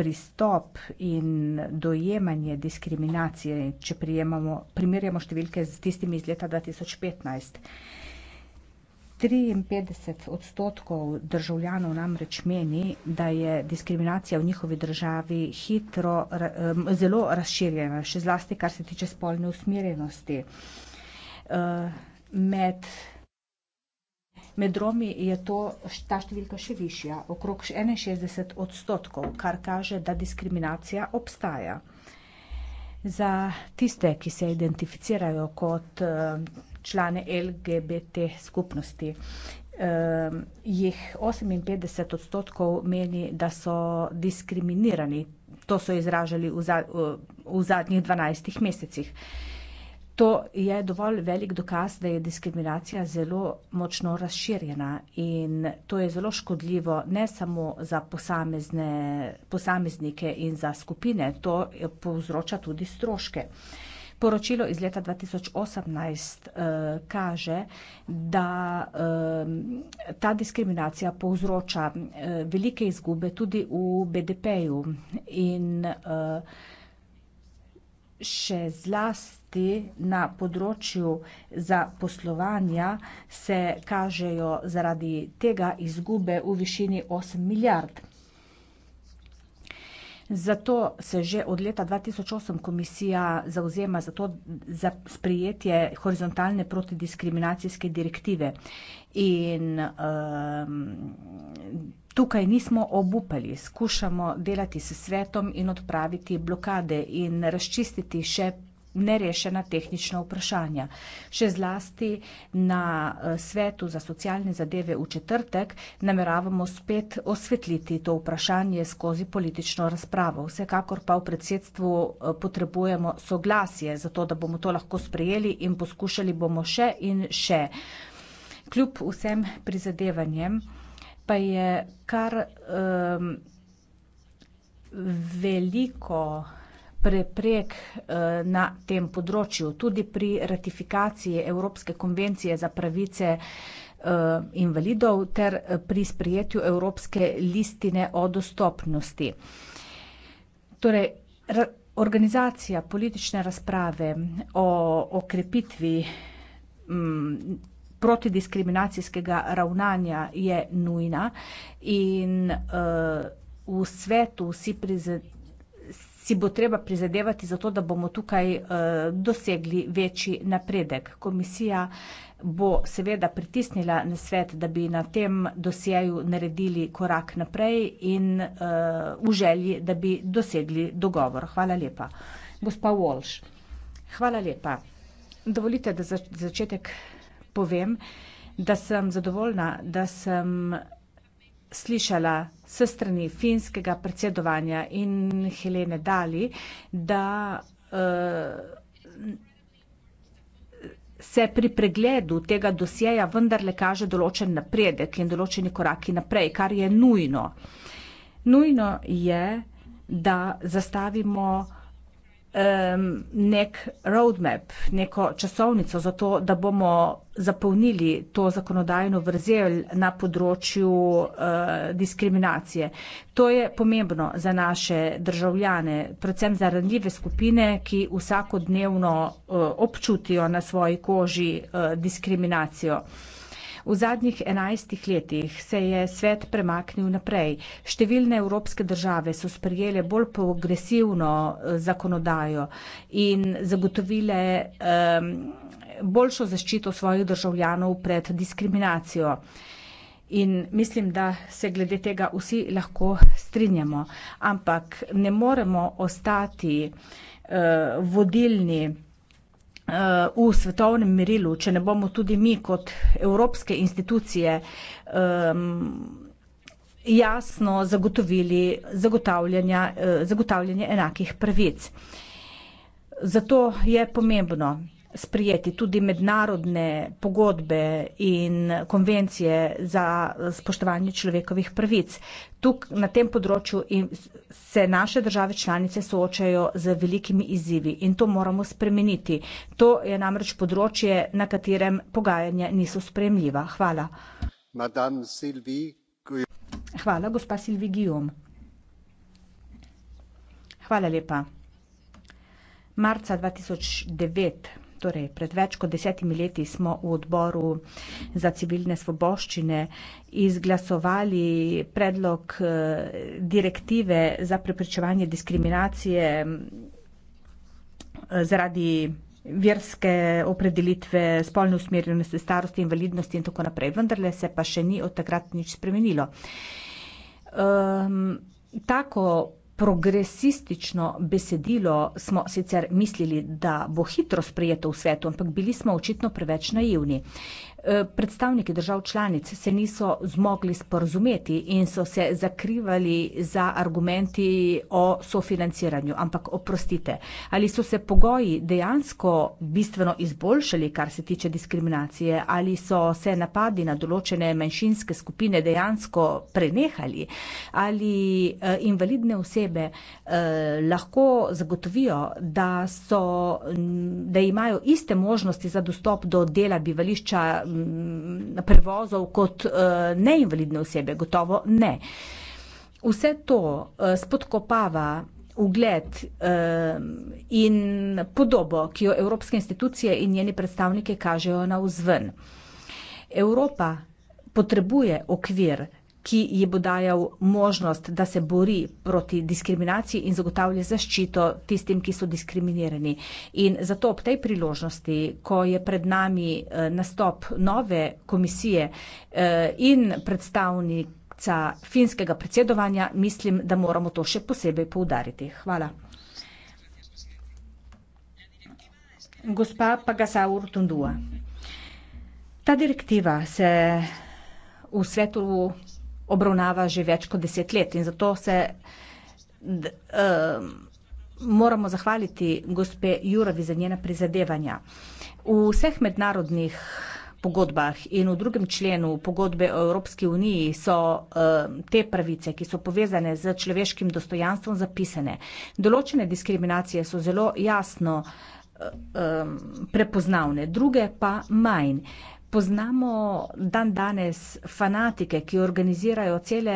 C: pristop in dojemanje diskriminacije, če primerjamo številke z tistimi iz leta 2015. 53 odstotkov državljanov namreč meni, da je diskriminacija v njihovi državi hitro, zelo razširjena, še zlasti, kar se tiče spolne usmerjenosti. Eh, med, med Romi je to, ta številka še višja, okrog 61 odstotkov, kar kaže, da diskriminacija obstaja. Za tiste, ki se identificirajo kot eh, člane LGBT skupnosti. Uh, jih 58 odstotkov meni, da so diskriminirani. To so izražali v, za, v, v zadnjih 12 mesecih. To je dovolj velik dokaz, da je diskriminacija zelo močno razširjena in to je zelo škodljivo ne samo za posamezne, posameznike in za skupine, to povzroča tudi stroške. Uh, Poročilo iz leta 2018 eh, kaže, da eh, ta diskriminacija povzroča eh, velike izgube tudi v BDP-ju in eh, še zlasti na področju za poslovanja se kažejo zaradi tega izgube v višini 8 milijard. Zato se že od leta 2008 komisija zauzema za, to, za sprijetje horizontalne protidiskriminacijske direktive. In um, tukaj nismo obupali, skušamo delati s svetom in odpraviti blokade in razčistiti še nerešena tehnična vprašanja. Še zlasti na eh, svetu za socialne zadeve v četrtek nameravamo spet osvetliti to vprašanje skozi politično razpravo. Vsekakor pa v predsedstvu eh, potrebujemo soglasje, zato da bomo to lahko sprejeli in poskušali bomo še in še. Kljub vsem prizadevanjem pa je kar um, veliko preprek eh, na tem področju. Tudi pri ratifikaciji Evropske konvencije za pravice eh, invalidov ter eh, pri sprijetju Evropske listine o dostopnosti. Torej, organizacija politične razprave o okrepitvi mm, protidiskriminacijskega ravnanja je nujna in uh, v svetu vsi prizadevajo si bo treba prizadevati za to, da bomo tukaj uh, dosegli večji napredek. Komisija bo seveda pritisnila na svet, da bi na tem dosjeju naredili korak naprej in uh, v želji, da bi dosegli dogovor. Hvala lepa. Gospa Walsh, hvala lepa. Dovolite, da za začetek povem, da sem zadovoljna, da sem slišala s strani finskega predsedovanja in Helene Dali, da eh, se pri pregledu tega dosjeja vendarle kaže določen napredek in določeni koraki naprej, kar je nujno. Nujno je, da zastavimo um, nek roadmap, neko časovnico za to, da bomo zapolnili to zakonodajno vrzel na področju uh, diskriminacije. To je pomembno za naše državljane, predvsem za ranljive skupine, ki vsakodnevno uh, občutijo na svoji koži uh, diskriminacijo. Uh, V zadnjih enajstih letih se je svet premaknil naprej. Številne evropske države so sprejele bolj progresivno eh, zakonodajo in zagotovile um, boljšo zaščito svojih državljanov pred diskriminacijo. In mislim, da se glede tega vsi lahko strinjamo. Ampak ne moremo ostati uh, vodilni v svetovnem merilu, če ne bomo tudi mi kot evropske institucije um, jasno zagotovili zagotavljanja, eh, zagotavljanje enakih pravic. Zato je pomembno, sprijeti tudi mednarodne pogodbe in konvencije za spoštovanje človekovih pravic. Tuk, na tem področju in se naše države članice soočajo z velikimi izzivi in to moramo spremeniti. To je namreč področje, na katerem pogajanja niso sprejemljiva. Hvala. Hvala, gospa Sylvie Guillaume. Hvala lepa. Marca dva tisoč devet Torej, pred več kot desetimi leti smo v odboru za civilne svoboščine izglasovali predlog eh, direktive za preprečevanje diskriminacije eh, zaradi verske opredelitve, spolne usmerjenosti, starosti, invalidnosti in tako naprej. Vendarle se pa še ni od takrat nič spremenilo. Um, tako progresistično besedilo smo sicer mislili, da bo hitro sprejeto v svetu, ampak bili smo očitno preveč naivni. Eh, predstavniki držav članic se niso zmogli sporozumeti in so se zakrivali za argumenti o sofinanciranju. Ampak oprostite, ali so se pogoji dejansko bistveno izboljšali, kar se tiče diskriminacije, ali so se napadi na določene manjšinske skupine dejansko prenehali, ali eh, invalidne osebe eh, lahko zagotovijo, da, so, da imajo iste možnosti za dostop do dela bivališča, prevozov kot eh, neinvalidne osebe, gotovo ne. Vse to eh, spodkopava ugled eh, in podobo, ki jo evropske institucije in njeni predstavniki kažejo na vzven. Evropa potrebuje okvir, ki ji bo dajal možnost, da se bori proti diskriminaciji in zagotavlja zaščito tistim, ki so diskriminirani. In zato ob tej priložnosti, ko je pred nami eh, nastop nove komisije eh, in predstavnica finskega predsedovanja, mislim, da moramo to še posebej poudariti. Hvala. Gospa Pagasaur Tundua. Ta direktiva se v svetu obravnava že več kot deset let in zato se d, uh, moramo zahvaliti gospe Jurovi za njena prizadevanja. V vseh mednarodnih pogodbah in v drugem členu pogodbe o Evropski uniji so uh, te pravice, ki so povezane z človeškim dostojanstvom, zapisane. Določene diskriminacije so zelo jasno uh, um, prepoznavne, druge pa manj. Poznamo dan danes fanatike, ki organizirajo cele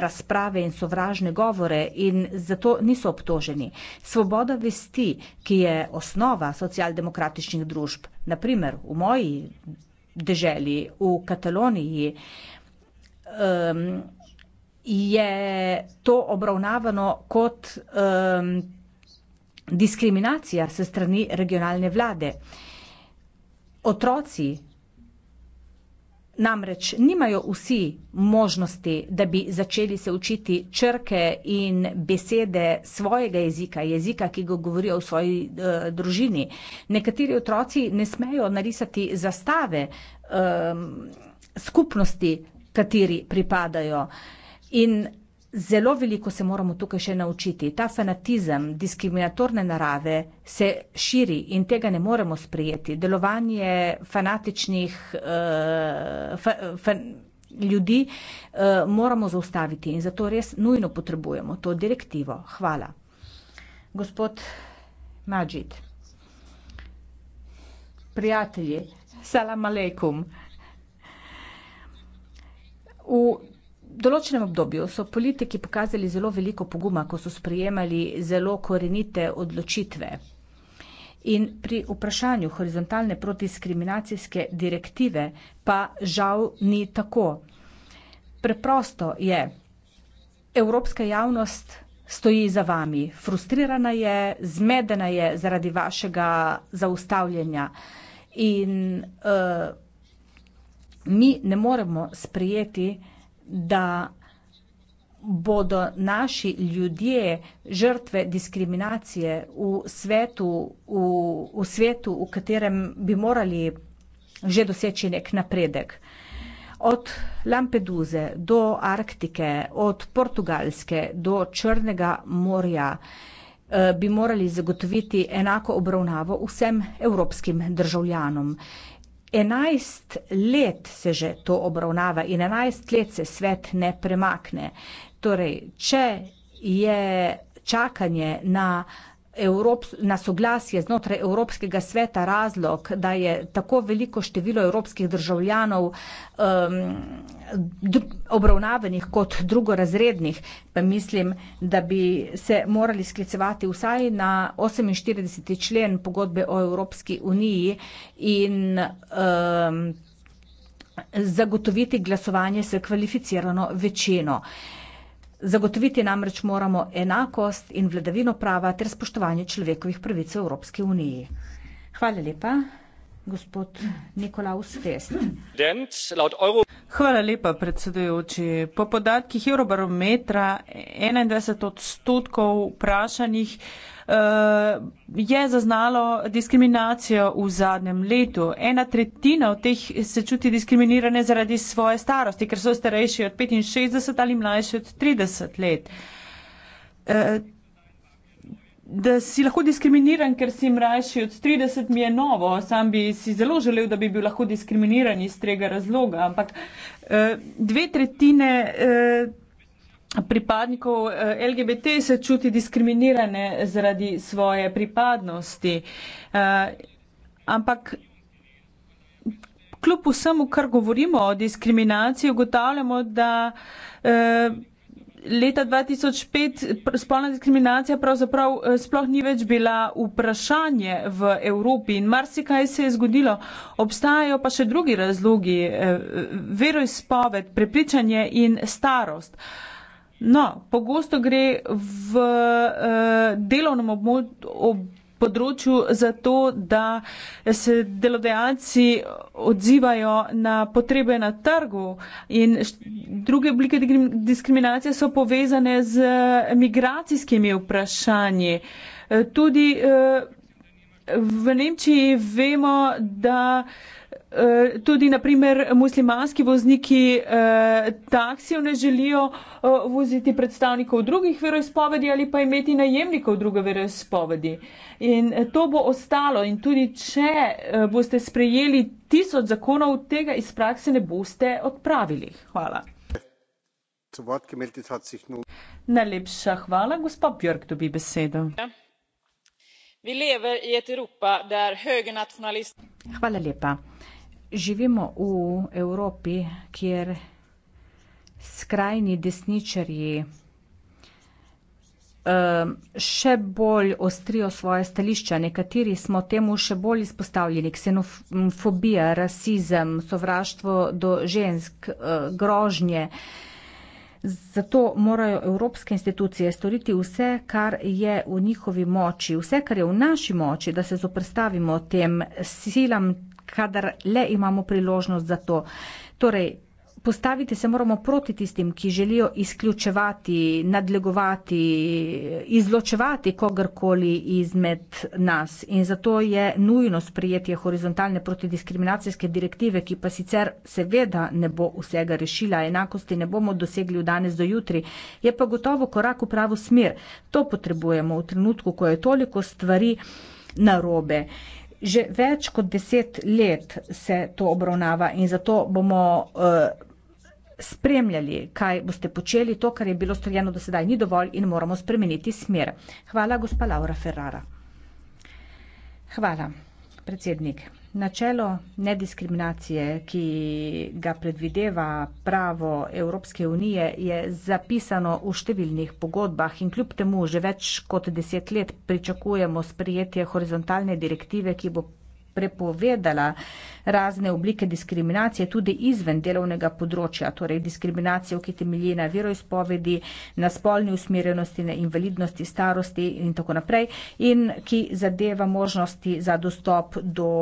C: razprave in sovražne govore in zato niso obtoženi. Svoboda vesti, ki je osnova socialdemokratičnih družb, naprimer v moji deželi, v Kataloniji, um, je to obravnavano kot um, diskriminacija se strani regionalne vlade. Otroci Namreč nimajo vsi možnosti, da bi začeli se učiti črke in besede svojega jezika, jezika, ki ga govorijo v svoji e, družini. Nekateri otroci ne smejo narisati zastave e, skupnosti, kateri pripadajo. In zelo veliko se moramo tukaj še naučiti. Ta fanatizem diskriminatorne narave se širi in tega ne moremo sprijeti. Delovanje fanatičnih uh, fa, fa, ljudi uh, moramo zaustaviti in zato res nujno potrebujemo to direktivo. Hvala. Gospod Mađit, prijatelji, salam aleikum. V določenem obdobju so politiki pokazali zelo veliko poguma, ko so sprejemali zelo korenite odločitve. In pri vprašanju horizontalne protidiskriminacijske direktive pa žal ni tako. Preprosto je, evropska javnost stoji za vami, frustrirana je, zmedena je zaradi vašega zaustavljanja in uh, mi ne moremo sprejeti, da bodo naši ljudje žrtve diskriminacije v svetu, v, v svetu, v katerem bi morali že doseči nek napredek. Od Lampeduze do Arktike, od Portugalske do Črnega morja eh, bi morali zagotoviti enako obravnavo vsem evropskim državljanom. Enajst let se že to obravnava in enajst let se svet ne premakne. Torej, če je čakanje na Evrop, na soglasje znotraj Evropskega sveta razlog, da je tako veliko število evropskih državljanov um, obravnavanih kot drugorazrednih, pa mislim, da bi se morali sklicevati vsaj na 48. člen pogodbe o Evropski uniji in um, zagotoviti glasovanje s kvalificirano večino. Uh, Zagotoviti namreč moramo enakost in vladavino prava ter spoštovanje človekovih pravic v Evropski uniji. Hvala lepa.
E: Hvala lepa, predsedujoči. Po podatkih Eurobarometra 21 odstotkov vprašanih eh, je zaznalo diskriminacijo v zadnjem letu. Ena tretjina od teh se čuti diskriminirane zaradi svoje starosti, ker so starejši od 65 ali mlajši od 30 let. Eh, da si lahko diskriminiran, ker si mrajši od 30, mi je novo. Sam bi si zelo želel, da bi bil lahko diskriminiran iz tega razloga. Ampak eh, dve tretjine eh, pripadnikov eh, LGBT se čuti diskriminirane zaradi svoje pripadnosti. Ampak. Kljub vsemu, kar govorimo o diskriminaciji, ugotavljamo, da eh, leta 2005 spolna diskriminacija pravzaprav eh, sploh ni več bila vprašanje v Evropi in marsikaj se je zgodilo. Obstajajo pa še drugi razlogi, eh, veroizpoved, prepričanje in starost. No, pogosto gre v eh, delovnem območju področju, zato da se delodajalci odzivajo na potrebe na trgu in druge oblike diskriminacije so povezane z migracijskimi vprašanji. Tudi eh, v Nemčiji vemo, da Eh, tudi naprimer muslimanski vozniki eh, taksijo ne želijo eh, voziti predstavnikov drugih veroizpovedi ali pa imeti najemnikov druge veroizpovedi. In eh, to bo ostalo in tudi če eh, boste sprejeli tisoč zakonov, tega iz prakse ne boste odpravili. Hvala. Najlepša hvala, gospa Björk dobi besedo.
C: Hvala lepa živimo v Evropi, kjer skrajni desničarji eh, še bolj ostrijo svoje stališča. Nekateri smo temu še bolj izpostavljeni. Ksenofobija, rasizem, sovraštvo do žensk, eh, grožnje. Zato morajo evropske institucije storiti vse, kar je v njihovi moči, vse, kar je v naši moči, da se zoprstavimo tem silam kadar le imamo priložnost za to. Torej, postaviti se moramo proti tistim, ki želijo izključevati, nadlegovati, izločevati kogarkoli izmed nas. In zato je nujno sprejetje horizontalne protidiskriminacijske direktive, ki pa sicer seveda ne bo vsega rešila, enakosti ne bomo dosegli v danes do jutri, je pa gotovo korak v pravo smer. To potrebujemo v trenutku, ko je toliko stvari narobe. robe. Že več kot deset let se to obravnava in zato bomo uh, spremljali, kaj boste počeli. To, kar je bilo storjeno do sedaj, ni dovolj in moramo spremeniti smer. Hvala, gospa Laura Ferrara. Hvala, predsednik. Načelo nediskriminacije, ki ga predvideva pravo Evropske unije, je zapisano v številnih pogodbah in kljub temu že več kot deset let pričakujemo sprijetje horizontalne direktive, ki bo prepovedala razne oblike diskriminacije tudi izven delovnega področja, torej diskriminacijo, ki temelji na veroizpovedi, na spolni usmerjenosti, na invalidnosti, starosti in tako naprej in ki zadeva možnosti za dostop do